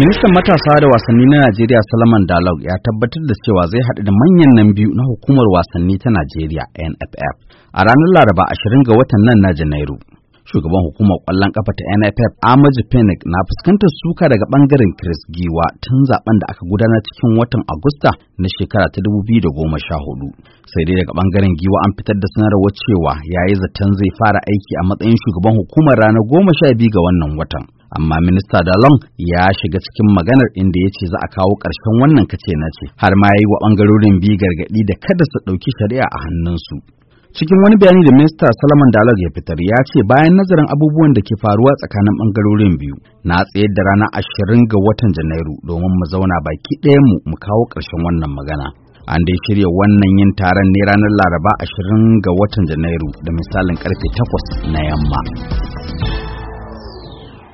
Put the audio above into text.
Ministan matasa da wasanni na Najeriya Salaman Dalau ya tabbatar da cewa zai haɗu da manyan nan biyu na hukumar wasanni ta Najeriya NFF a ranar Laraba 20 ga watan nan na Janairu. Shugaban hukumar kwallon ƙafa ta NFF Amaji Phoenix na fuskantar suka daga ɓangaren Chris Giwa tun zaben da aka gudanar cikin watan Agusta na shekara ta 2014. Sai dai daga ɓangaren Giwa an fitar da sanarwar cewa yayi zaton zai fara aiki a matsayin shugaban hukumar ranar 12 ga wannan watan. amma minista Dalon ya shiga cikin maganar inda ya ce za a kawo ƙarshen wannan kace na ce har ma ya yi wa bangarorin biyu gargaɗi da kada su ɗauki shari'a a hannunsu. Cikin wani bayani da minista Salaman Dalog ya fitar ya ce bayan nazarin abubuwan da ke faruwa tsakanin ɓangarorin biyu na tsayar da ranar ashirin ga watan Janairu domin mu zauna baki ɗaya mu mu kawo ƙarshen wannan magana. An dai shirya wannan yin taron ne ranar Laraba ashirin ga watan Janairu da misalin karfe takwas na yamma.